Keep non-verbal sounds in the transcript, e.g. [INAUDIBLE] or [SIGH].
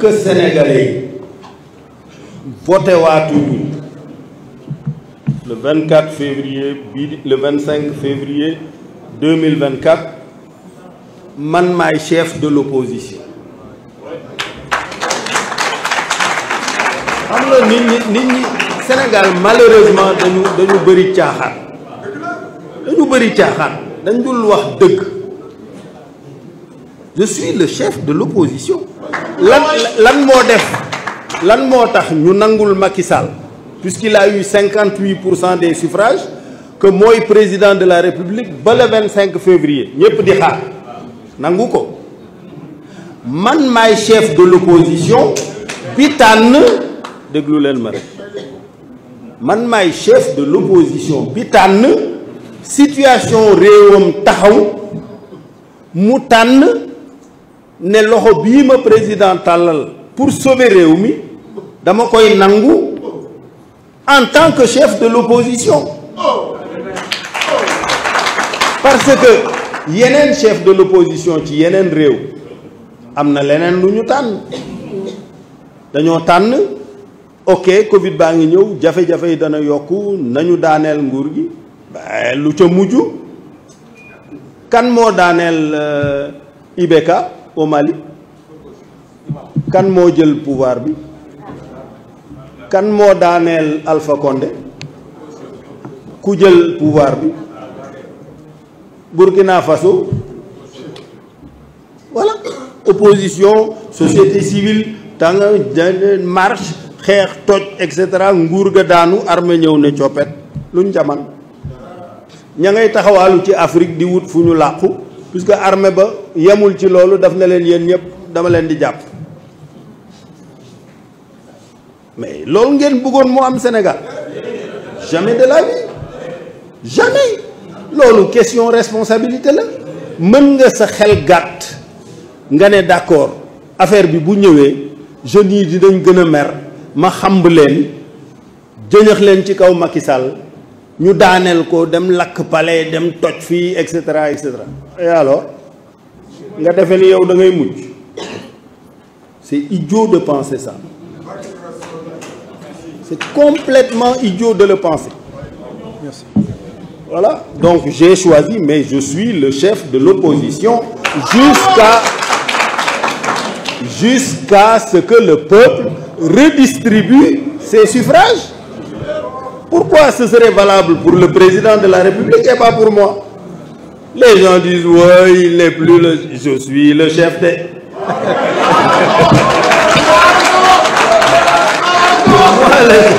que sénégalais yi voté waatuñu le 24 février bii le 25 février 2024 man maay chef de l'opposition xam nga nit ñi nit ñi Sénégal malheureusement dañu dañu bëri caaxaan dañu bëri caaxaan dañ dul wax dëkk je suis le chef de l'opposition lan moo def lan moo tax ñu nangul Macky Sall puisqu'il a eu pour cent des suffrages que mooy président de la République bala le 25 février ñëpp di xaar nangu ko man maay chef de l'opposition bi tànn déglu leen ma rek man maay chef de l'opposition bi tànn situation réewam taxaw mu tànn ne loxo bii ma président tàllal pour sauver réew mi dama koy nangu en tant que chef de l'opposition parce que yeneen chef de l'opposition ci yeneen réew am na leneen lu ñu tànn dañoo tànn ok Covid baa ngi ñëw jafe-jafe yi dana yokku nañu daaneel nguur gi lu ca mujj kan moo daaneel euh, IBK au Mali kan moo jël pouvoir bi kan moo daaneel alfakonde ku jël pouvoir bi Burkina Faso voilà opposition société civile tàng marche xeex toj et cetera nguur ga daanu armée ñëw ne coppet luñ jaman ña ngay taxawaalu ci Afrique di wut fu ñu làqu puisque armee ba yemul ci loolu daf na leen yéen ñëpp dama leen di jàpp mais loolu ngeen bëggoon moo am Sénégal jamais de la vie jamais loolu question responsabilité la mën nga sa xel gàtt nga ne d'accord affaire bi bu ñëwee jeunes yi dinañ gën a mer ma xamb leen jëñax leen ci kaw Macky ñu daaneel ko dem lakk palais dem toj fi et cetera et cetera et alors nga defe ni yow da ngay mucc c'est idiot de penser ça c'est complètement idiot de le penser Merci. voilà donc j'ai choisi mais je suis le chef de l'opposition jusqu'à jusqu'à ce que le peuple redistribue ses suffrages Pourquoi ce serait valable pour le président de la République et pas pour moi? Les gens disent ouais, il n'est plus le je suis le chef des [LAUGHS]